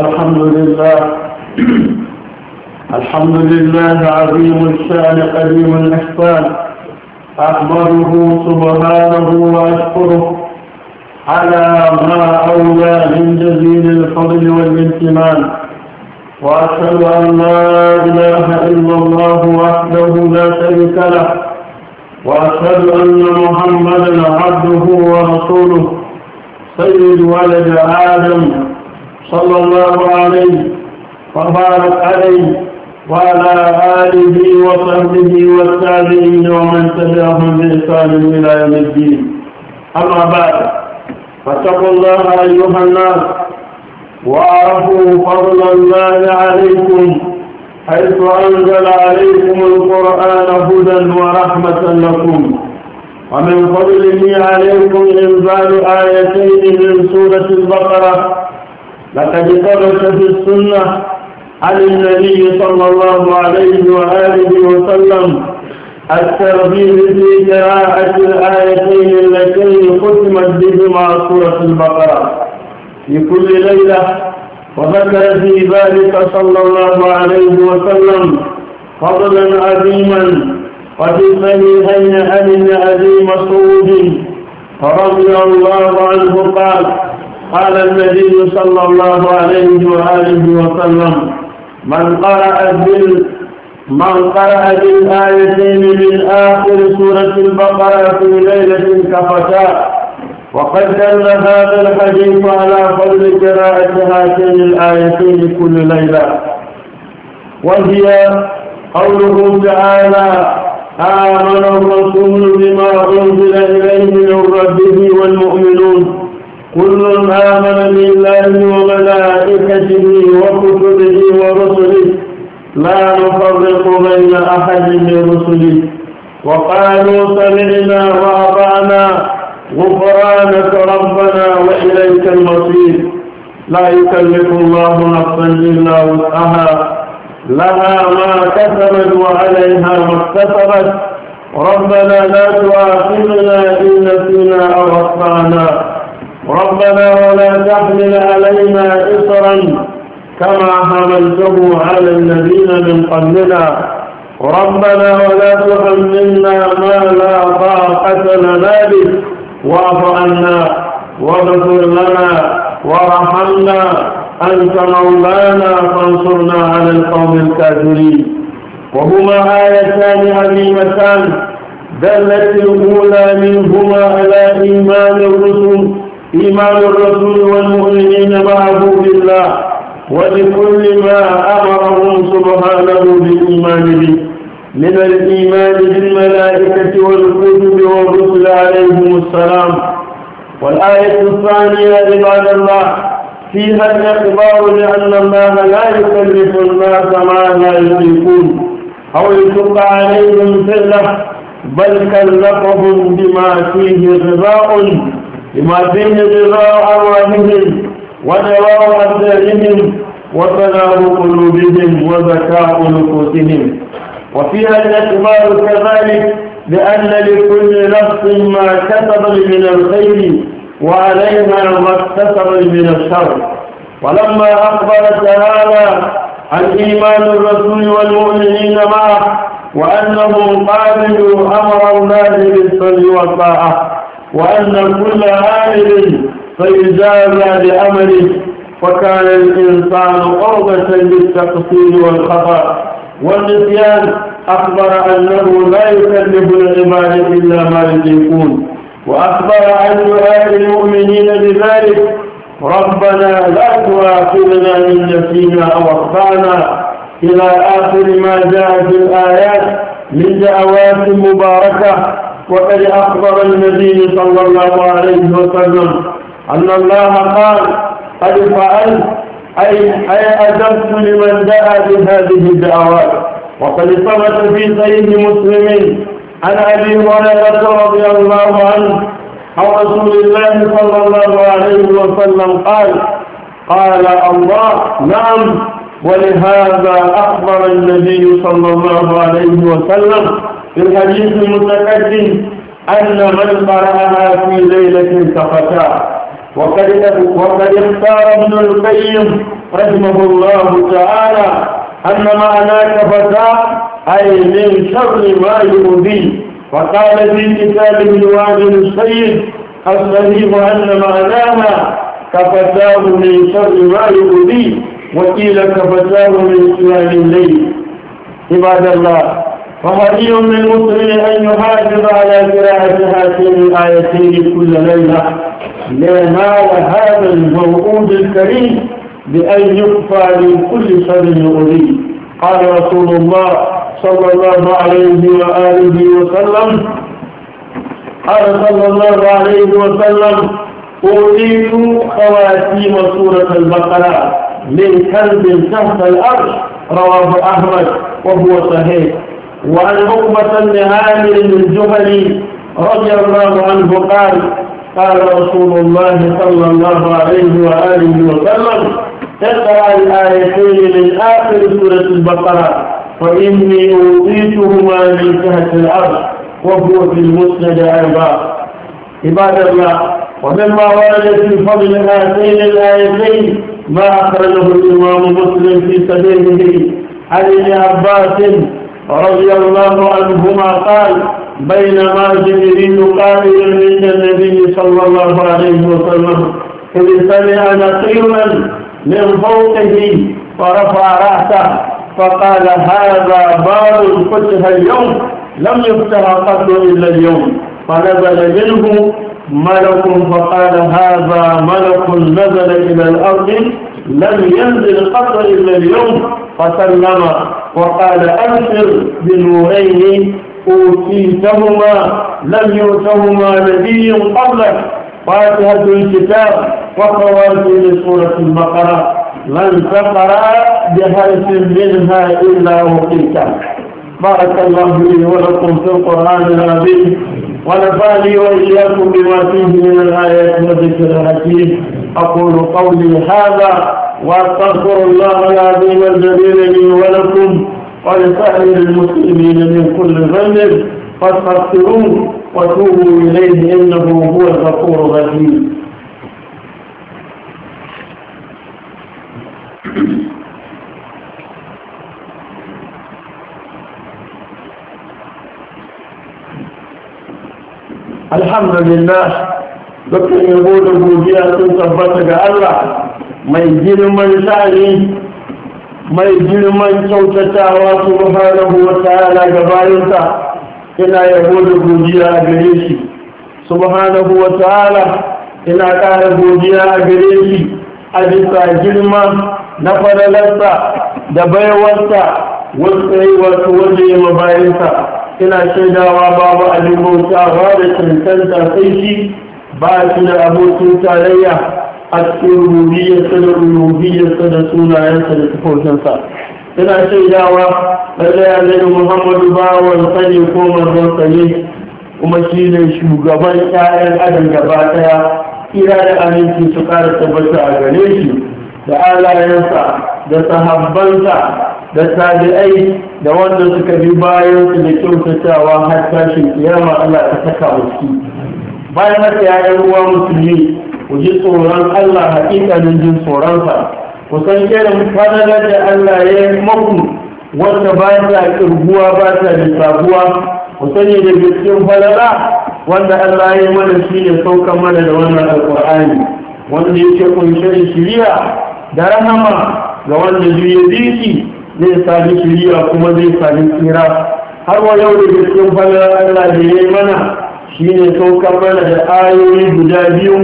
الحمد لله الحمد لله عظيم الشان قديم الإحسان أحمده سبحانه وأشكره على ما أولى من جزيل الفضل والامتنان وأشهد أن لا إله إلا الله وحده لا شريك له وأشهد أن محمدا عبده ورسوله سيد ولد آدم صلى الله عليه وبارك عليه وعلى آله وصحبه والتابعين ومن تبعهم بإحسان إلى يوم الدين أما بعد فاتقوا الله أيها الناس وأعرفوا فضل الله عليكم حيث أنزل عليكم القرآن هدى ورحمة لكم ومن فضله عليكم إنزال آيتين من سورة البقرة لقد ثبت في السنة عن النبي صلى الله عليه وآله وسلم الترغيب في قراءة الآيتين اللتين ختمت بهما سورة البقرة في كل ليلة وذكر في ذلك صلى الله عليه وسلم فضلا عظيما وفي صحيحين عن أبي مسعود رضي الله عنه قال قال النبي صلى الله عليه وآله وسلم من قرأ بال من قرأ بالآيتين من آخر سورة البقرة في ليلة كفتاء وقد دل هذا الحديث على فضل قراءة هاتين الآيتين كل ليلة وهي قوله تعالى آمن الرسول بما أنزل إليه من ربه والمؤمنون كل آمن بالله وملائكته وكتبه ورسله لا نفرق بين أحد من رسله وقالوا سمعنا وأطعنا غفرانك ربنا وإليك المصير لا يكلف الله نفسا إلا وسعها لها ما كسبت وعليها ما اكتسبت ربنا لا تؤاخذنا إن نسينا أو أخطأنا ربنا ولا تحمل علينا إصرا كما حملته على الذين من قبلنا ربنا ولا تحملنا ما لا طاقة لنا به واعف عنا واغفر لنا وارحمنا أنت مولانا فانصرنا على القوم الكافرين وهما آيتان عظيمتان دلت الأولى منهما على إيمان الرسل إيمان الرسول والمؤمنين معه بالله ولكل ما أمرهم سبحانه بالإيمان به من الإيمان بالملائكة والكتب والرسل عليهم السلام والآية الثانية عباد الله فيها الإخبار بأن الله لا يكلف الناس ما لا يطيقون أو يشق عليهم سلة بل كلفهم بما فيه غذاء لما فيه غذاء أرواحهم ودواء أبدانهم وسلام قلوبهم وذكاء نفوسهم وفيها الإقبال كذلك لأن لكل نفس ما كتب من الخير وعليها ما اكتسب من الشر ولما أقبل تعالى عن إيمان الرسول والمؤمنين معه وأنهم قابلوا أمر الله بالصل والطاعة وأن كل عامل فيجازى بعمله فكان الإنسان قربة للتقصير والخطأ والنسيان أخبر أنه لا يكلف العباد إلا ما يطيقون وأخبر عن دعاء المؤمنين بذلك ربنا لا تؤاخذنا من نسينا أو أخطأنا إلى آخر ما جاء في الآيات من دعوات مباركة وقد أخبر النبي صلى الله عليه وسلم أن الله قال قد فعلت أي أي أجبت لمن دعا بهذه الدعوات وقد ثبت في صحيح مسلم عن أبي هريرة رضي الله عنه عن رسول الله صلى الله عليه وسلم قال قال الله نعم ولهذا أخبر النبي صلى الله عليه وسلم في الحديث المتقدم أن من قرأها في ليلة سقطا وقد وقد اختار ابن القيم رحمه الله تعالى أن معناك فتاة أي من شر ما يؤذي وقال في كتابه الوادي السيد الصحيح أن معناها كفتاه من شر ما يؤذي وقيل كفتاه من قيام الليل عباد الله فهدي من مسلم أن يحافظ على قراءة هاتين الآيتين كل ليلة لينال هذا الموعود الكريم بأن يقفى من كل شر أريد قال رسول الله صلى الله عليه وآله وسلم قال صلى الله عليه وسلم أوتيت خواتيم سورة البقرة من كلب تحت الأرض رواه أحمد وهو صحيح وعن عقبة بن عامر الجهني رضي الله عنه قال قال رسول الله صلى الله عليه وآله وسلم اقرأ الآيتين من آخر سورة البقرة فإني أوتيتهما من جهة الأرض وهو في المسند أيضا عباد الله ومما ورد في فضل هاتين الآيتين ما أخرجه الإمام مسلم في سبيله عن ابن عباس رضي الله عنهما قال بينما جبريل قائل عند النبي صلى الله عليه وسلم إذ سمع نقيما من فوقه فرفع رأسه فقال هذا باب فتح اليوم لم يفتح قط إلا اليوم فنزل منه ملك فقال هذا ملك نزل إلى الأرض لم ينزل قط إلا اليوم فسلم وقال أبشر بنورين أوتيتهما لم يؤتهما نبي قبلك فاتحة الكتاب وفواتير سورة البقرة لن تقرأ بحرف منها إلا وقيته بارك الله لي ولكم في القرآن العظيم ونفعني وإياكم بما فيه من الآيات والذكر الحكيم أقول قولي هذا وأستغفر الله العظيم الجليل لي ولكم ولسائر المسلمين من كل ذنب فاستغفروه وتوبوا إليه إنه هو الغفور الرحيم alhamdulillah dukkan yabo da godiya sun tabbata ga Allah mai girman sha'ani mai girman kyautatawa subhanahu wa ta'ala ga bayansa ina yabo da godiya a gare shi subhanahu wa ta'ala ina ƙara godiya a gare shi a bisa girma na faralarsa da baiwarsa wasu wato waje mabayinsa kina shaidawa babu abin ba da cancanta sai shi ba shi da abokin tarayya a cikin rubiyarsa da rubiyarsa da sunayensa da tufofinsa kina shaidawa lallai zai muhammadu ba bawan sani ko manzon sani kuma shi ne shugaban 'ya'yan adam gaba ɗaya kira da aminci su ƙara tabbata a gare shi da alayensa da sahabbansa da tabi'ai da wanda suka bi bayan su da kyautatawa har tashin kiyama Allah ta saka musu bayan haka ya yi ruwa musulmi ku ji tsoron Allah hakikanin jin tsoronsa ku san irin fadalar da Allah ya yi maku wanda ba ta kirguwa ba ta lissafuwa ku sani da gaskiyar falala wanda Allah ya yi mana shi ne saukan mana da wannan alƙur'ani wanda yake kunshe da shiriya da rahama ga wanda duk bi zai sami shiriya kuma zai sami tsira har wa yau da cikin falalar Allah da ya mana shine saukar mana da ayoyi guda biyu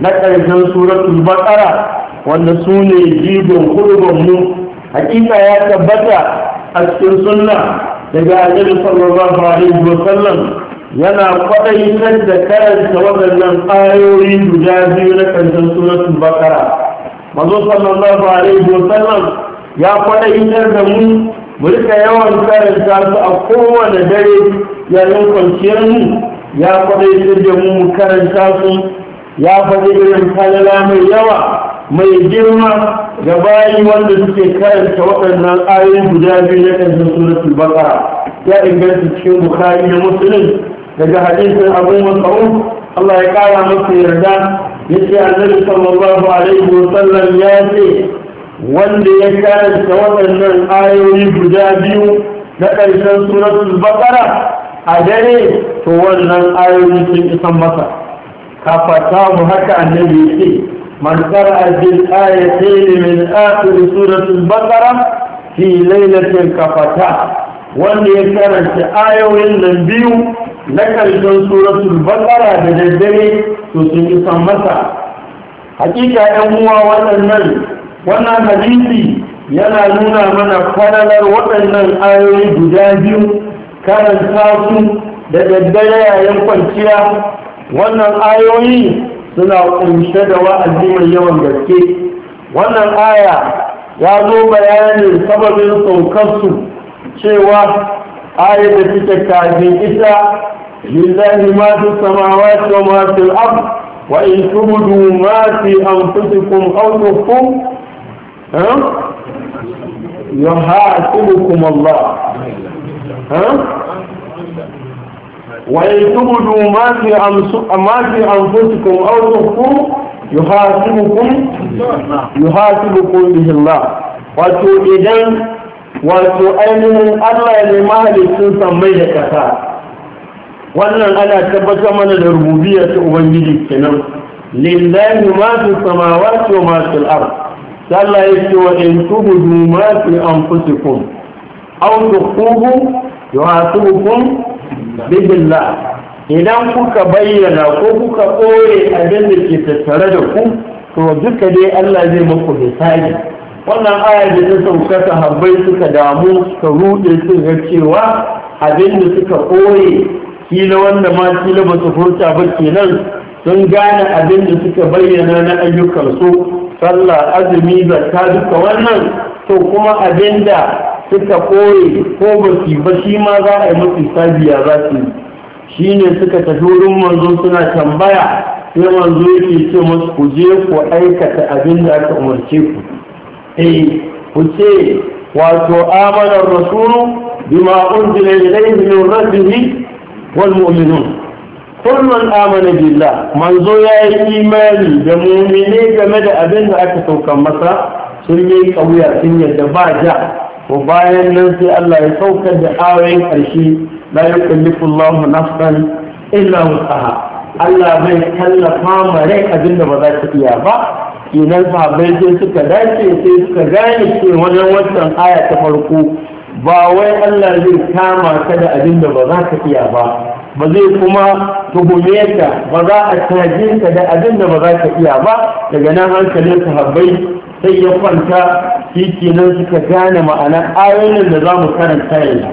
na ƙarshen suratul baqara wanda su ne jigon kurban mu hakika ya tabbata a cikin sunna daga annabi sallallahu alaihi wa sallam yana kan da karanta waɗannan ayoyi guda biyu na ƙarshen suratul baqara manzo sallallahu alaihi wa sallam ya idan da mu mu rika yawan karanta su a kowane dare yayin kwanciyar mu ya idan da mu mu karanta su ya faɗi irin kalala mai yawa mai girma ga bayi wanda suke karanta waɗannan ayoyin guda biyu na ƙarshen suratul baqara ya inganta cikin bukari da musulun? daga hadisin abu mas'ud Allah ya kara masa yarda yace annabi sallallahu alaihi wa sallam ya ce wanda ya karanta waɗannan ayoyi guda biyu na ƙarshen suratul baƙara a dare to wannan ayoyi sun isa masa kafata mu haka annabi yake man qara'a bil ayatayn min akhir suratul baqara fi lailatin kafata wanda ya karanta ayoyin nan biyu na ƙarshen suratul baqara da daddare to sun isa masa hakika ɗan uwa waɗannan wannan hadisi yana nuna mana falalar waɗannan ayoyi guda biyu karanta su da daddare yayin kwanciya wannan ayoyi suna kunshe da wa'azi mai yawan gaske wannan aya ya zo bayanin sababin saukarsu cewa aya da suke kafin ita lillahi ma fi samawati wa ma fi al-ard wa in tubdu ma fi anfusikum aw tukhfu يحاسبكم الله ها تبدوا ما في ما في انفسكم او تخفوه يحاسبكم يحاسبكم به الله واتو اذن الله لما لسن سمي لكفا وانا انا تبت من الربوبية ومجد كنو لله ما في السماوات وما في الارض Allah ya ce wa in tubudu ma fi anfusikum aw tukhuhu yuhasibukum billah idan kuka bayyana ko kuka ɓoye abin da ke tattare da ku to duka dai Allah zai muku misali wannan aya da ta sauka sahabbai suka damu suka rude su ga cewa abin da suka koye kila wanda ma kila ba su furta ba kenan sun gane abin da suka bayyana na ayyukansu sallah azumi zakka duka wannan to kuma abinda suka koye ko ba su ba shi ma za a yi musu sabiya za su shi ne suka tafi wurin manzo suna tambaya sai manzo yake ce musu ku je ku aikata abinda aka umarce ku eh ku ce wato amana rasulu bima unzila ilayhi min rabbihi wal mu'minun kullun amana billah manzo ya yi imani da mumine game da abin da aka saukan masa sun yi kauya sun yadda ba ja ko bayan nan sai Allah ya saukar da ayoyin karshe la yukallifu Allahu nafsan illa wusaha Allah bai tallafa ma rai abin da ba za ta iya ba kenan sahabbai sai suka dace sai suka gane cewa wannan wancan aya ta farko ba wai Allah zai kama ka da abin da ba za ka iya ba ba zai kuma tuhume ka ba za a caje ka da abin da ba za ka iya ba daga nan hankalin sahabbai sai ya kwanta shi nan suka gane ma'anar ayoyin da za mu karanta yanzu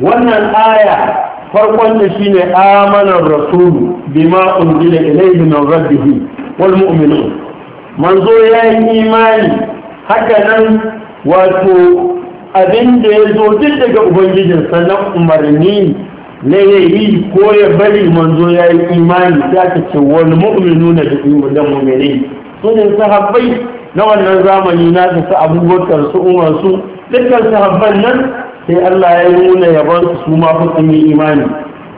wannan aya farkon da shine amanar rasulu bima unzila ilayhi min rabbihi wal mu'minun manzo ya yi imani haka nan wato abin da ya zo duk daga ubangijin sannan umarni na yi ko ya bari manzo ya yi imani ta ka ce wani mu'minu na da mu'minai su ne sahabbai na wannan zamani na ta su abubakar su umar su dukkan sahabban nan sai Allah ya nuna yabon su su ma sun yi imani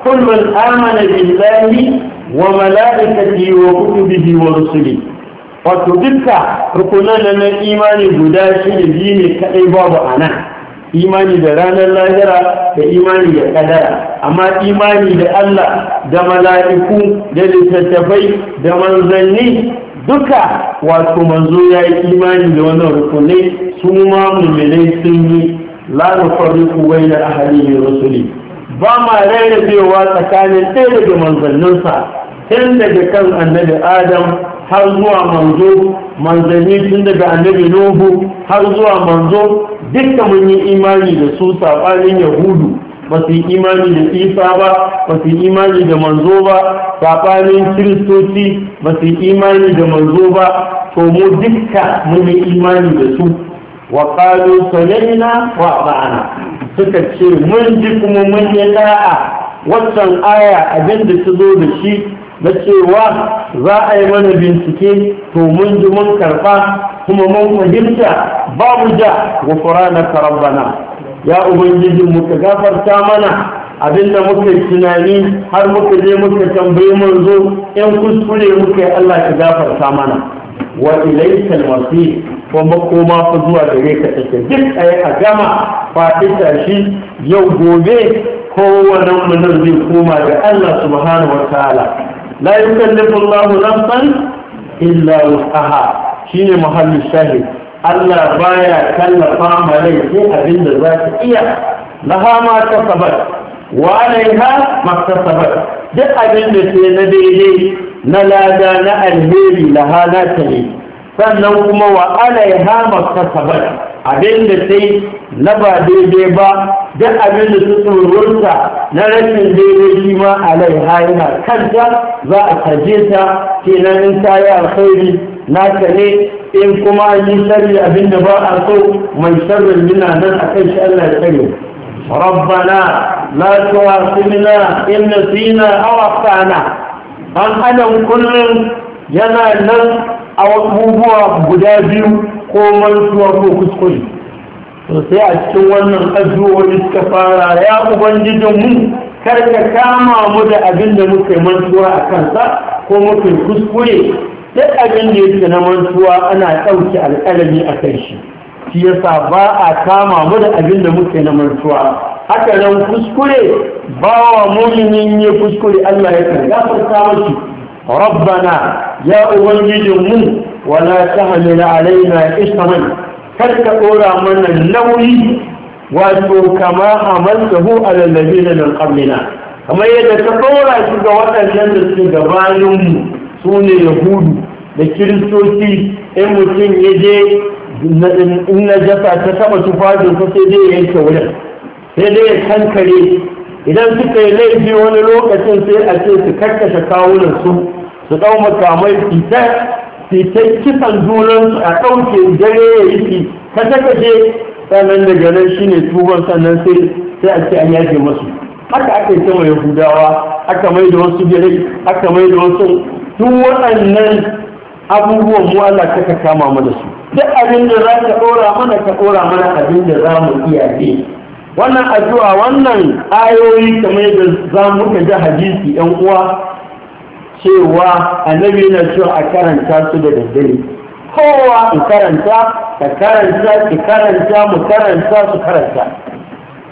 كل wa آمن بالله وملائكته وكتبه ورسله wato dukka rukunan na imani guda shi ne biyu ne kaɗai babu a nan imani da ranar lahira da imani da kadara amma imani da Allah da mala'iku da littattafai da manzanni duka wato manzo ya yi imani da wannan rukunai su ma mummunai sun yi la nufarriqu bayna ahadin min rusuli ba ma cewa tsakanin ɗaya daga manzanninsa tun daga kan annabi adam har zuwa manzo manzanni tun daga annabi nuhu har zuwa manzo dukkan mun yi imani da su sabanin yahudu ba su yi imani da isa ba ba su yi imani da manzo ba sabanin kiristoci ba su yi imani da manzo ba to mu dukka mun yi imani da su wa qalu sanaina wa ba'ana suka ce mun ji kuma mun yi da'a wannan aya abin da ta zo da shi na cewa za a yi mana bincike to mun ji mun karɓa kuma mun fahimta babu ja ghufranaka karambana. ya ubangiji mu gafarta mana abinda muka tunani har muka je muka tambaye manzo in kuskure muka Allah ka gafarta mana wa ilayka al-masir kuma koma fa zuwa gare ka take duk yi a gama fadita shi yau gobe kowane mutum zai koma ga Allah subhanahu wa ta'ala la yukallifu Allahu san illa wus'aha shine muhallin shahid Allah baya kallafa ma laifi abinda za ta iya laha ta sabar wa alaiha ma ta sabar duk abinda da na daidai na lada na alheri laha ta ne sannan kuma wa alaiha ma ta sabar abinda sai na ba daidai ba duk abinda da su tsoronta na rashin daidai shi ma alaiha yana kanta za a kaje ta kenan in ta yi alkhairi naka ne in kuma an yi abin abinda ba a so mai sharrin yana nan a kan shi Allah ya tsare rabbana la tuwasilna in nasina aw akhtana an adam kullum yana nan a abubuwa guda biyu ko mantuwa ko kuskure to sai a cikin wannan wani suka fara ya ubangijinmu kar ka kama mu da abin da muka mantuwa a kansa ko muka kuskure duk abin da yake na mantuwa ana ɗauki alƙalami a kai shi shi yasa ba a kama mu da abin da muke na mantuwa haka nan kuskure ba wa muminin ne kuskure Allah ya kan gafarta mashi rabbana ya ubangijin mu wala tahmil alaina isman kar ka dora mana nauyi wato kama amaltahu ala alladhina min qablina kamar yadda ka dora shi ga waɗannan da suke gabanin mu su ne yahudu da kiristoci in mutum ya je in na jasa ta taba tufafin ko sai dai ya yanke wurin sai dai ya kankare idan suka yi laifi wani lokacin sai a ce su karkashe kawunan su su ɗau makamai fitar fitar kisan su a ɗauke dare ya yi fi takashe sannan daga nan shi ne tuban sannan sai sai a ce an yaje masu haka aka yi ta mai yahudawa aka mai wasu gare aka mai wasu Tun waɗannan abubuwan mu Allah ka kama mana su duk abin da za ka ɗora mana ka ɗora mana abin da za mu iya ne wannan addu'a wannan ayoyi kamar yadda za mu ka ji hadisi ɗan uwa cewa annabi na cewa a karanta su da daddare kowa in karanta ka karanta ki karanta mu karanta su karanta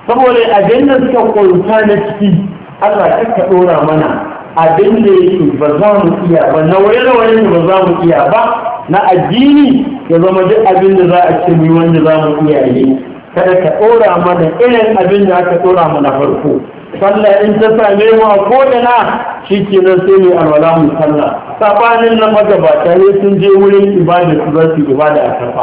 saboda abin da suka kwanta na ciki Allah ka ɗora mana abin da yake ba za mu iya ba na waye da waye ba za mu iya ba na addini ya zama duk abin da za a ce mu wanda za mu iya yi kada ka ɗora mana irin abin da aka ɗora mana farko sallah in ta same mu a ko'ina shi ke nan sai mu alwala mu sallah safanin na magabata ne sun je wurin ibada su za su ibada a kafa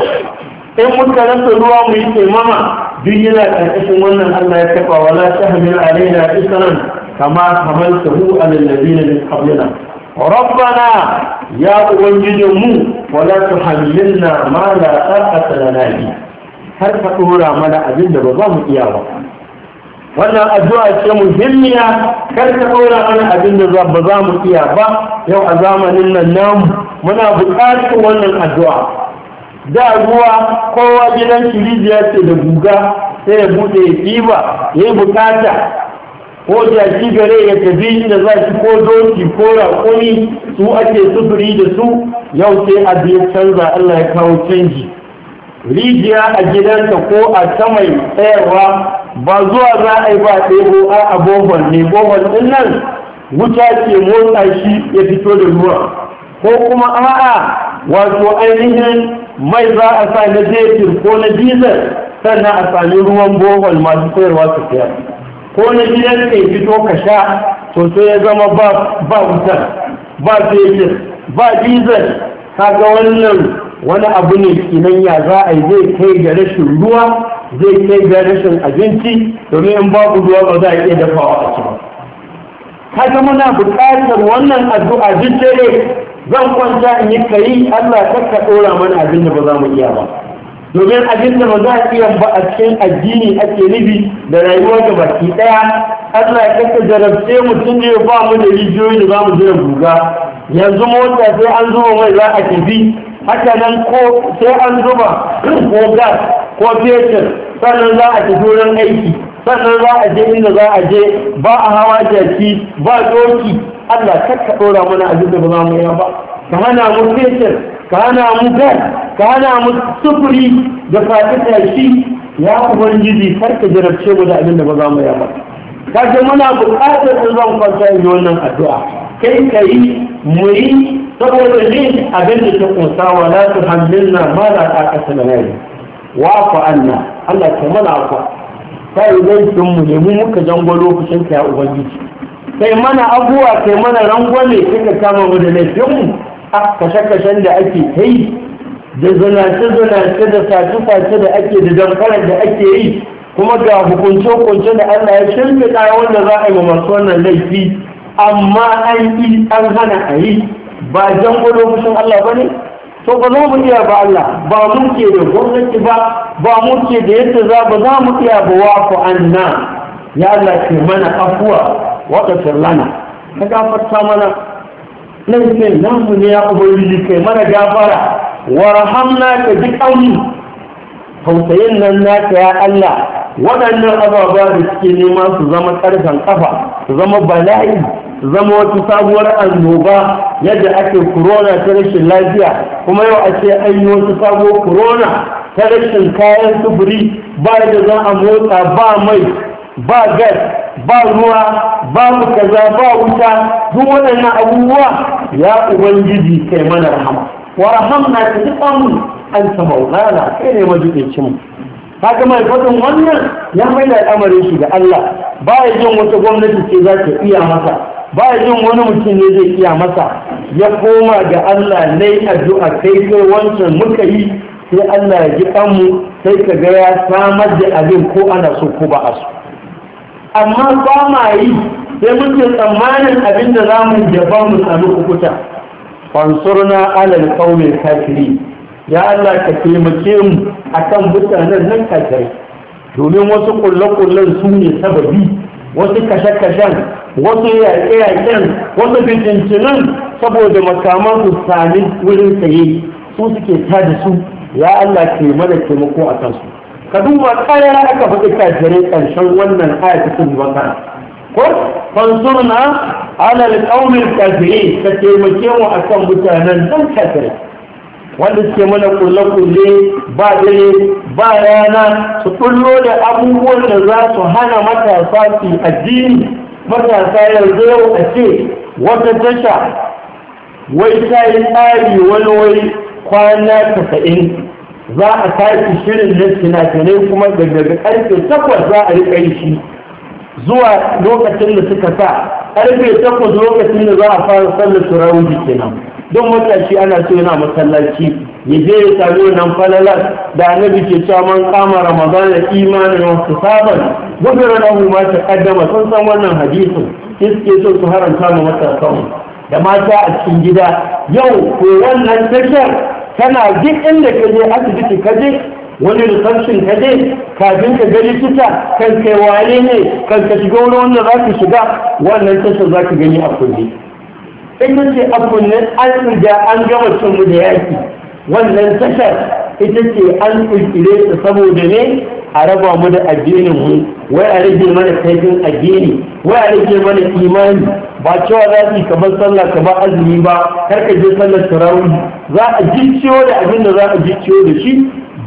in muka rasa ruwa mu yi taimama duk yana ƙarƙashin wannan allah ya kafa wala ta alaina isanan كما حملته على الذين من قبلنا ربنا يا أغنجنم ولا تحملنا ما لا طاقة لنا به هل تقول ما لا أجد بظام إياه ولا أجوا أشم الهمية هل تقول ما لا أجد بظام إياه يا أزام لنا النوم من أبقات ولا أجوا da ruwa kowa gidan shi zai ce da guga ko jaki gare ya tafi inda za shi ko doki ko raƙumi su ake sufuri da su yau sai a ya canza Allah ya kawo canji rijiya a gidanta ko a ta mai tsayarwa ba zuwa za a yi ba ɗebo a abubuwan ne bohol ɗin nan wuta ke motsa shi ya fito da ruwa ko kuma a'a wato ainihin mai za a sa na jefin ko na dizal sannan a sami ruwan bohol masu tsayarwa su fiya ko na gidan ka fito ka sha to sai ya zama ba wutar ba fetur ba dizal kaga wannan wani abu ne kinan ya za a yi zai kai ga rashin ruwa zai kai ga rashin abinci domin in babu ruwa ba za a iya dafawa a cikin kaga muna buƙatar wannan addu'a duk dare zan kwanta in yi kayi Allah ta ka ɗora mana abin da ba za mu iya ba domin abin da ba za a iya ba a cikin addini ake nufi da rayuwa da baki daya Allah ya kasa jarabce mutum ne ba mu da rijiyoyi da ba mu jiran guga yanzu mota sai an zuba mai za a tafi haka nan ko sai an zuba ko gas ko fetur sannan za a tafi wurin aiki sannan za a je inda za a je ba a hawa jaki ba doki Allah kakka ɗora mana abin da ba za mu yi ba ka hana mu fetur ka hana mu mutsufuri sufuri da faɗi tashi ya ubangiji kar ka jarabce mu da abin da ba za mu yaba ka ga muna buƙatar in zan kwanta yi wannan addu'a kai ka yi saboda ne abin da ta kunsa wa la tu hamilna ma la taqata lana wa fa anna Allah ta mana afa kai laifin mu ne mu muka jangwalo fushin ka ya ubangiji kai mana abuwa kai mana rangwame kika kama mu da laifin mu kashe-kashen da ake yi da zanace-zanace da sace-sace da ake da damfarar da ake yi kuma ga hukunce-hukunce da Allah ya shirfiɗa wanda za a yi masu wannan laifi amma an yi an hana a yi ba jan kusan Allah ba ne to ba za mu iya ba Allah ba mu ke da gwamnati ba ba mu ke da yadda za ba za mu iya ba wa ku anna ya Allah ke mana afuwa wa ka ka gafarta mana nan ne namu ne ya ubangiji kai mana gafara warhamna ka ji kauni tausayin nan naka ya Allah waɗannan ababa da suke nema su zama ƙarfen kafa su zama bala'i su zama wata sabuwar annoba yadda ake corona ta rashin lafiya kuma yau a ce an yi wata sabuwar corona ta rashin kayan sufuri ba da za a motsa ba mai ba gas ba ruwa ba kaza ba wuta duk waɗannan abubuwa ya ubangiji kai mana rahama wa rahamna ta ji an ta maulana kai ne majiɗincinmu haka mai faɗin wannan ya mai da al'amarin shi ga Allah ba ya jin wata gwamnati ce za ta iya masa ba ya jin wani mutum ne zai iya masa ya koma ga Allah na addu'a kai kai wancan muka yi sai Allah ya ji kanmu sai ka ga ya samar da abin ko ana so ko ba a so amma ba ma yi sai muke tsammanin abin da za mu ba mu sami kukuta fansurna alal Kaume kafiri ya Allah ka taimake mu akan mutanen nan kafirai domin wasu kullakullan su ne sababi wasu kashe-kashen wasu yaƙe-yaƙen wasu bincincinan saboda makaman su sami wurin tsaye su suke tada su ya Allah ke mana taimako a kansu ka duba kayan aka faɗi kafirai ƙarshen wannan ayatun bakara ko fansurna alal ƙaunin kafirin ka taimake mu akan mutanen don kafirai wanda suke mana kulle-kulle ba dare ba rana su kullo da abubuwan da za su hana matasa su addini matasa yanzu yau a ce wata tasha wai ta yi tsari wani wai kwana casa'in. za a tashi shirin na finafinai kuma daga karfe takwas za a yi shi zuwa lokacin da suka sa karfe takwas lokacin da za a fara sallar turawuji kenan don matashi ana so yana masallaci ya je ya sami wannan falalar da annabi ke cewa man kama ramadan da imanin wasu saban gudunar abu ma ta kaddama sun san wannan hadisin iske so su haranta mu matasan da mata a cikin gida yau ko wannan tashar kana duk inda ka je asibiti ka je wani rikarsin ka je kafin ka ga likita kan kai wane ne kan ka shiga wani wanda za ka shiga wannan tashar za ka gani a kulle. ita ce a kunne an riga an gama cin mu da yaki wannan tashar ita ce an kirkire ta saboda ne a raba mu da addinin mu wai a rage mana kaifin addini wai a rage mana imani ba cewa za su yi kamar sallah kamar azumi ba kar ka je sallar tarawih za a gicciyo da abin da za a gicciyo da shi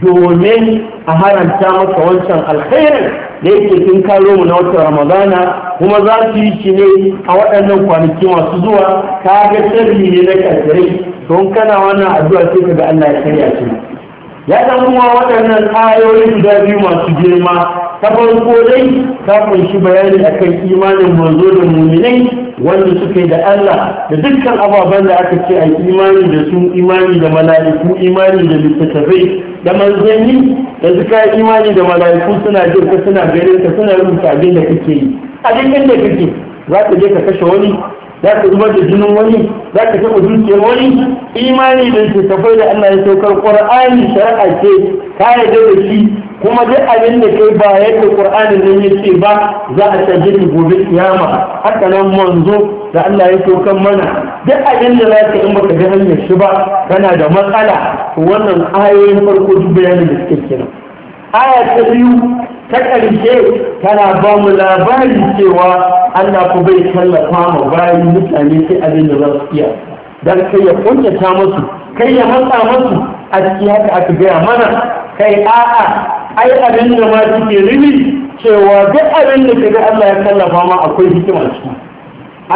domin a haranta maka wancan alkhairin da yake tun karo mu na watan ramadana kuma za su yi shi ne a waɗannan kwanaki masu zuwa ka ga sirri ne na kafirai don kana wannan addu'a sai ka ga Allah ya karya shi ya dan kuma waɗannan ayoyi guda biyu masu girma ta farko dai ta kunshi bayani akan imanin manzo da muminai wanda suke da Allah da dukkan ababen da aka ce a imani da su imani da mala'iku imani da littattafai da manzanni da suka imani da mala'iku suna jin ka suna gare ka suna rubuta abin da kake yi a duk inda kake za ka je ka kashe wani za ka zubar da jinin wani za ka taɓa dukiyar wani imani da littattafai da Allah ya saukar ƙur'ani shari'a ce ka yarda da shi kuma duk abin da kai ba yadda qur'ani ne yake ba za a taje ki gobe kiyama haka nan manzo da Allah ya tokan mana duk abin da za ka in baka ga hanyar shi ba kana da matsala wannan ayoyin farko duk bayanin da suke kenan aya ta biyu ta ƙarshe tana ba mu labari cewa Allah ku bai tallafa ma bayan mutane sai abin da za su iya dan kai ya kuntata musu kai ya matsa musu a cikin haka aka gaya mana kai a'a ai abin da ma suke rini cewa duk abin da kaga Allah ya kallafa ma akwai hikima ciki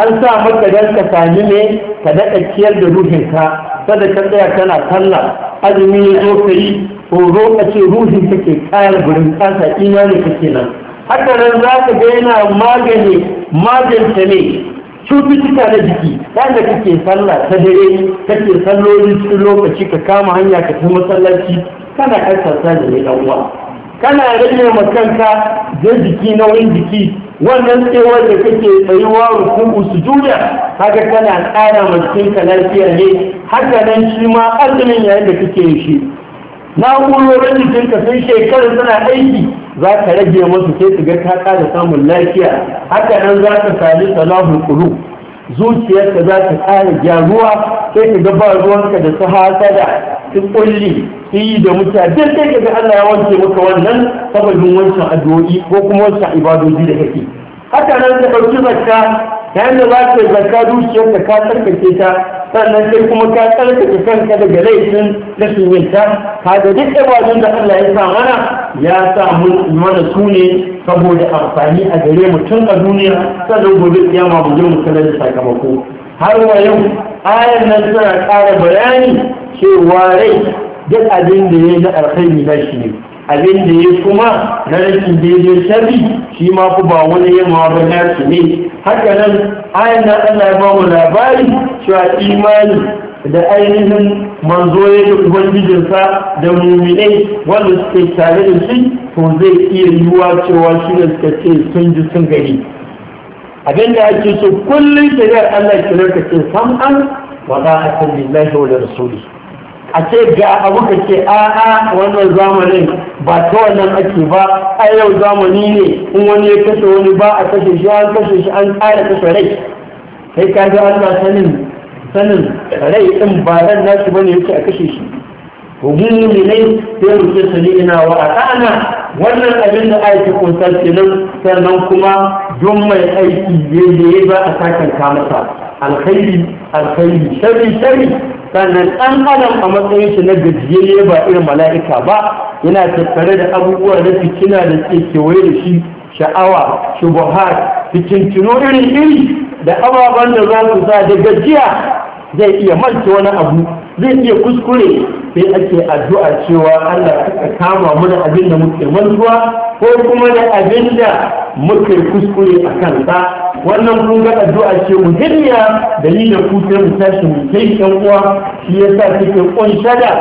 an sa maka dan ka sami ne ka daɗa ciyar da ruhinka sada ka tsaya kana sallah azumi ya zo ka yi horo a ce ruhin ke kayar gurin kasa imani kake nan haka nan za ka ga yana magani magance ne cututtuka na jiki wanda kake sallah ta dare kake salloli cikin lokaci ka kama hanya ka ta masallaci kana aika da ne dan uwa kana rage ma kanka da jiki nauyin jiki wannan tsewar da kake tsayuwa su juya? haka kana ƙara ma jikinka lafiya ne haka nan shi ma azumin yayin da kake shi na'urorin jikinka sun shekara suna aiki za ka rage masu sai su ga ka ƙara samun lafiya haka nan za ka sami salahun ƙuru zuciyarka za ta ƙara gyaruwa sai ka ga ba ruwanka da su hasada su kulli su yi da mutane duk sai kaga Allah ya wanke maka wannan sababin wancan addu'o'i ko kuma wancan ibadoji da kake haka nan ka ɗauki zakka yayin da za yi zakka zuciyarka ka tsarkake ta sannan sai kuma ka tsarkake kanka daga laifin rashin yin kaga duk ibadun da Allah ya sa mana ya sa mun mana su ne saboda amfani a gare mu tun a duniya sannan gobe kiyama mu je mu sanar da sakamako har wa yau ayan nan tana ƙara bayani cewa rai duk abin da ya yi na alkhairi na shi ne abin da ya kuma na rashin daidai sharri shi ma ku ba wani yamma ba na shi ne haka nan ayan na Allah ya ba labari cewa imani da ainihin manzo ya ga ubangijinsa da muminai wanda suke tare da shi to zai iya yiwuwa cewa shi da suka ce sun ji sun gani abin da ake so kullum shari'ar Allah kirar ka ce sam'an wa za a lillahi wa rasuli a ce ga abu ka ce a a wannan zamanin ba ta wannan ake ba a yau zamani ne in wani ya kashe wani ba a kashe shi an kashe shi an tsara kashe rai sai ka ga Allah sanin sanin rai ɗin ba ran ba ne yake a kashe shi hujjin muminai sai mu ce sami'ina wa ata'ana wannan abin da aiki kuntar kenan sannan kuma don mai aiki yayi ba a sakan kamata, masa alkhairi alkhairi shari shari sannan ɗan adam a matsayin shi na ne ba irin mala'ika ba yana tattare da abubuwa na fitina da ke kewaye da shi sha'awa shubuhat fitintino iri iri da ababen da za su sa da gajiya zai iya manta wani abu zai iya kuskure sai ake addu'a cewa Allah ka kama mu abin da muke mantuwa ko kuma da abin da muke kuskure a kansa wannan kun ga addu'a ce muhimmiya dalilin ku sai mu tashi mu kai kan uwa shi yasa kike kunsha da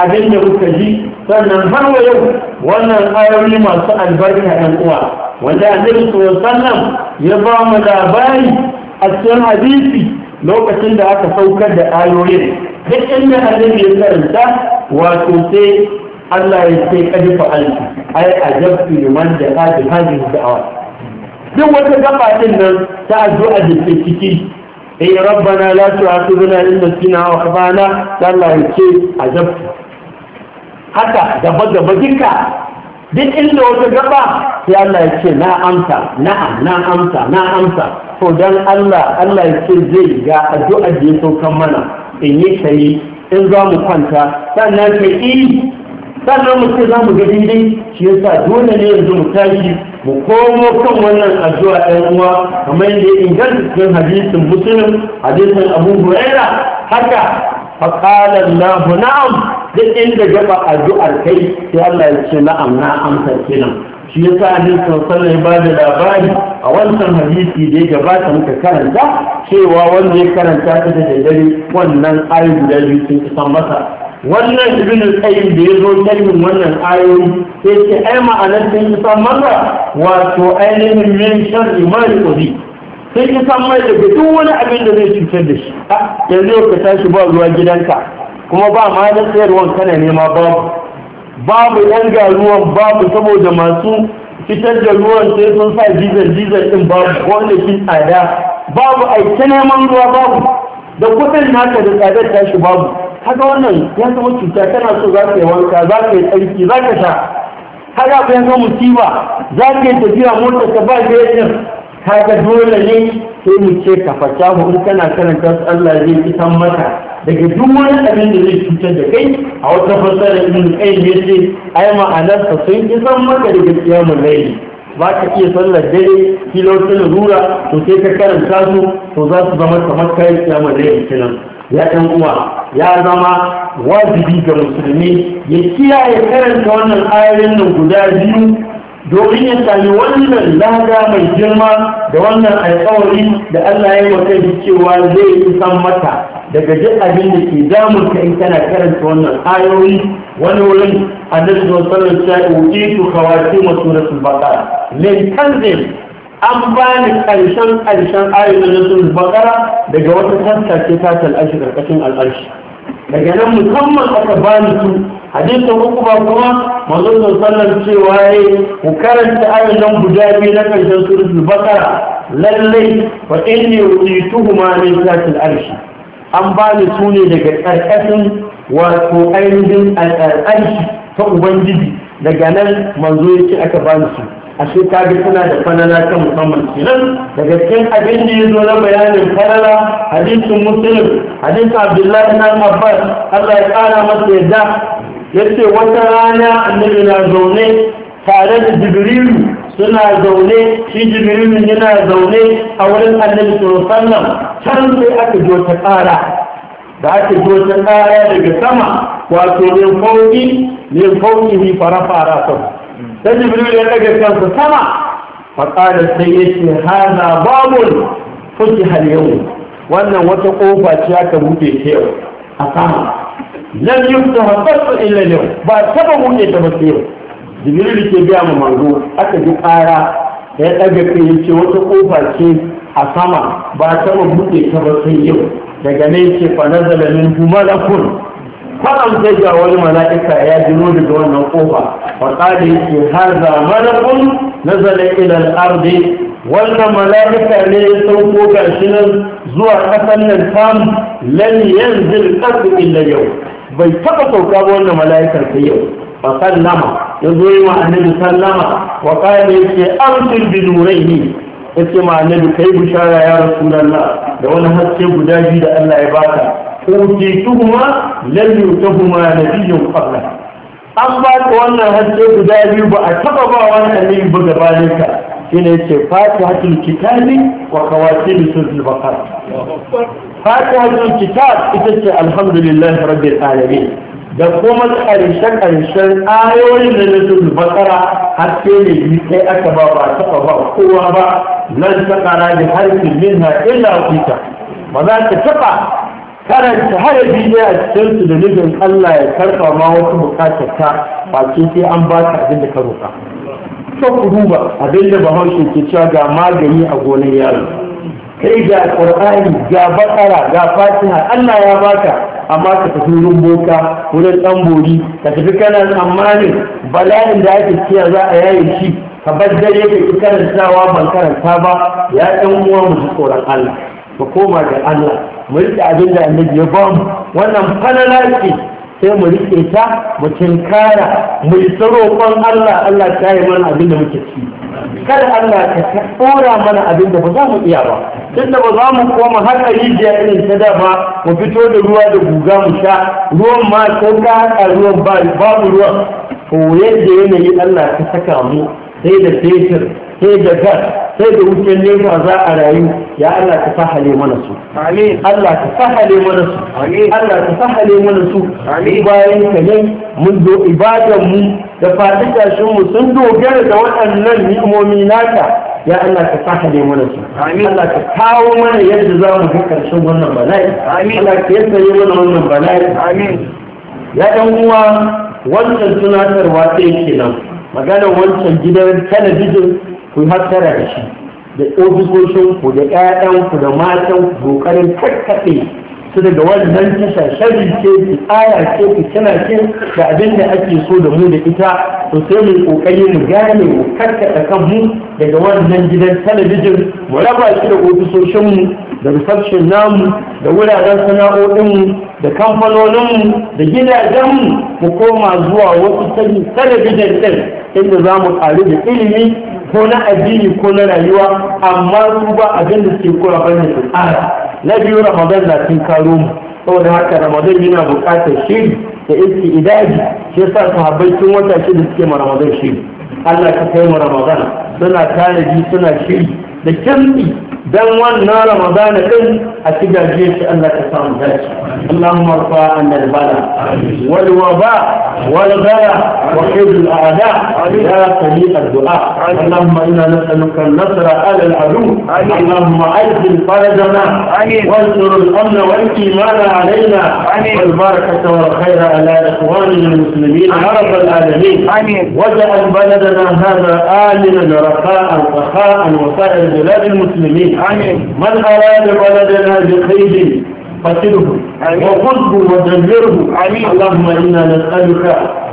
abin da muka ji sannan har wa yau wannan ayoyi masu albarka ɗan uwa wanda annabi sallallahu sannan ya ba mu labari a cikin hadisi lokacin da aka saukar da ayoyin duk inda annabi ya karanta wato sai Allah ya ce kadi fa'al ai ajabtu liman da da hadi da'awa duk wata gaba din nan ta addu'a da ke ciki eh rabbana la tu'akhidhna in nasina wa akhtana Allah ya ce ajab haka gaba gaba duka duk inda wata gaba sai Allah ya ce na amsa na'am na amsa na amsa to dan Allah Allah ya ce zai ga addu'a da ya saukan mana in yi ka yi in za mu kwanta sannan ka yi sannan mu ce za mu ga daidai shi yasa dole ne yanzu mu tashi mu komo kan wannan addu'a ɗan uwa kamar yadda ya inganta cikin hadisin musulun hadisin abu huraira haka faƙala na na'am duk inda gaba addu'ar kai sai Allah ya ce na'am na amsar kenan shi ya sa ne ya ba da labari a wancan hadisi da ya gabata muka karanta cewa wanda ya karanta ta da dare wannan ayoyi guda biyu sun san masa wannan ibn qayyim da ya zo kalmin wannan ayoyi sai ce ai ma'anar sun san masa wato ainihin min sharri ma sai sun isan mai da duk wani abin da zai cutar da shi ah, yanzu ka tashi ba ruwa gidanka kuma ba ma da sayarwan kana nema babu babu yan garuwan babu saboda masu fitar da ruwan sai sun sa dizal dizal din babu wanda kin tsada babu aike neman ruwa babu da kudin naka da tsadar tashi babu haka wannan ya zama cuta tana so za ka yi wanka za ka yi tsarki za ka sha haka ku yanzu musiba za ka yi tafiya motar ka ba gajiyar kaga dole ne sai mu ce ka fata mu in kana karanta su Allah zai fitan maka daga duk wani abin da zai cutar da kai a wata fasara ibn kai ne ce ai ma'anarsa sun ki san maka da gaskiya mu laili ba ka iya sallar dare kilo su lura to sai ka karanta su to za su zama kamar kayan kiyama laili kenan ya dan uwa ya zama wajibi ga musulmi ya kiyaye karanta wannan ayoyin nan guda biyu domin ya sami wannan lada mai girma da wannan alkawari da Allah ya wata da cewa zai yi san mata daga jin abin da ke damun ka in kana karanta wannan ayoyi wani wurin a sallallahu alaihi wasallam ya wuce su kawace masu suratul baqara lin tanzil an bani karshen karshen na suratul bakara daga wata tattace ta talashi karkashin al'arshi daga nan musamman aka bani su hadisin ba kuma manzon sallan cewa yi ku karanta ayoyin guda biyu na karshen suratul bakara lallai fa inni utituhuma min zatil arshi an bani su ne daga karkashin wato ainihin al'arshi ta ubangiji daga nan manzo yake aka bani su a shi ga suna da fanana kan musamman kenan daga cikin abin da ya zo na bayanin falala hadisin muslim hadisin abdullahi na abbas allah ya kara masa yadda yace wata rana annabi na zaune tare da jibrilu suna zaune shi jibrilu yana zaune a wurin annabi sallallahu can sai aka zo ta tsara da aka zo ta tsara daga sama wato ne fauki ne fauki ne fara fara sau sai jibrilu ya daga kansa sama kada sai yace hana babul fuki hal yau wannan wata kofa ce aka buɗe ta yau a sama lan yuftaha qattu illa yau ba taba buɗe ta ba sai yau jibril ke biya mu manzo aka ji ƙara ya ɗaga kai ya ce wata ƙofa ce a sama ba taba buɗe ta ba sai yau daga nan ce fa nazala min malakun faɗan sai ga wani mala'ika ya jiro daga wannan ƙofa fa qala yake hadha malakun nazala ila al-ardi wannan mala'ika ne ya sauko gashi nan zuwa ƙasar nan tam lan yanzil qasd illa yau bai taba sauka ba wannan mala'ikar sai yau fa sallama ya zo yi wa annabi sallama wa qala yace amsil bi nuraini yace ma annabi kai bishara ya rasulullah da wani haske guda biyu da Allah ya baka utituhuma lam yutahuma nabiyyun qabla an ba ka wannan haske guda biyu ba a taba ba wani annabi ba ka. shine yace fatihatul kitabi wa qawatil suratul baqara fatihatul kitab ita ce alhamdulillahi rabbil alamin da kuma ƙarshen ƙarshen ayoyin da nasu bakara har sai ne bi sai aka ba ba taɓa ba kowa ba nan ta ƙara da harfin minha illa kuta ba za ta taɓa karanta harafi ne a cikin su da nufin Allah ya karɓa ma wasu bukatar ta ba sai an ba ka abin da ka roƙa ku duba abinda bahaushe ke cewa ga magani a gonar yaro kai ga qur'ani ga bakara ga fatiha Allah ya baka amma ka tafi wurin boka wurin dan bori ka tafi kana tsammanin bala'in da ake cewa za a yaye shi ka bar dare ka ki karantawa ban karanta ba ya ɗan uwa mu ji tsoron Allah mu koma ga Allah mu rike abin da annabi ya bamu wannan falala ce sai mu riƙe ta mu tinkara mu yi roƙon Allah Allah ta yi mana abin da muke ci kada Allah ka tsora mana abin da ba za mu iya ba duk da ba za mu koma haka rijiya irin ta da ba mu fito da ruwa da guga mu sha ruwan ma ko ka haɗa ruwan ba, babu ruwan to yadda yanayi Allah ka saka mu sai da fetur sai da gas sai da wucin nefa za a rayu ya Allah ka sahale mana su Allah ka sahale mana su Allah ka sahale mana su bayan ka ne mun zo ibadan mu da fadi gashin mu sun dogara da waɗannan ni'imomi naka ya Allah ka saka ne mana su Allah ka kawo mana yadda za mu ga karshen wannan bala'i Allah ka yassare mana wannan bala'i ya ɗan uwa wannan tunatarwa sai nan maganar wancan gidan talabijin ku hattara da shi da ofisoshin da ku da matan kokarin kakkaɓe su daga wannan tasha shari ce ki tsaya ce ki tana ce da abin da ake so da mu da ita to sai mu kokari mu gane mu kan mu daga wannan gidan talabijin mu raba shi da ofisoshin mu da reception namu da wuraren sana'o'inmu da kamfanonin mu da gidajen mu koma zuwa wasu talabijin din inda za mu ƙaru da ilimi ko na addini ko na rayuwa amma su ba abin da suke kura bane su na biyu ramadan na sun karo mu saboda haka ramadan yana buƙatar shiri da iski idaji shi yasa sahabbai sun wata shi da suke ma ramadan shiri Allah ka kai mu ramadan suna tanaji suna shiri da kirki dan wannan ramadan din a cikin shi Allah ka samu dace اللهم ارفع عنا البلاء والوباء والغلا وحفظ الاعداء يا سميع الدعاء اللهم انا نسالك النصر على العدو اللهم اعز فرجنا وانصر الامن والايمان علينا والبركه والخير على اخواننا المسلمين رب العالمين واجعل بلدنا هذا امنا رخاء رخاء وسائر بلاد المسلمين من اراد بلدنا بخير قتله وخذه وزجره اللهم إنا نسألك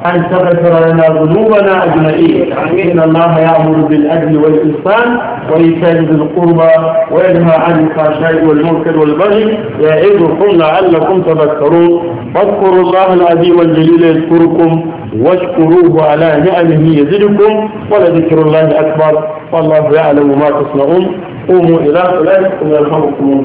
أن تغفر لنا ذنوبنا أجمعين إن الله يأمر بالعدل والإحسان وإيتاء ذي القربى وينهى عن الفحشاء والمنكر والبغي يعظكم لعلكم تذكرون فاذكروا الله العظيم الجليل يذكركم واشكروه على نعمه يزدكم ولذكر الله أكبر والله يعلم ما تصنعون قوموا إلى صلاتكم يرحمكم الله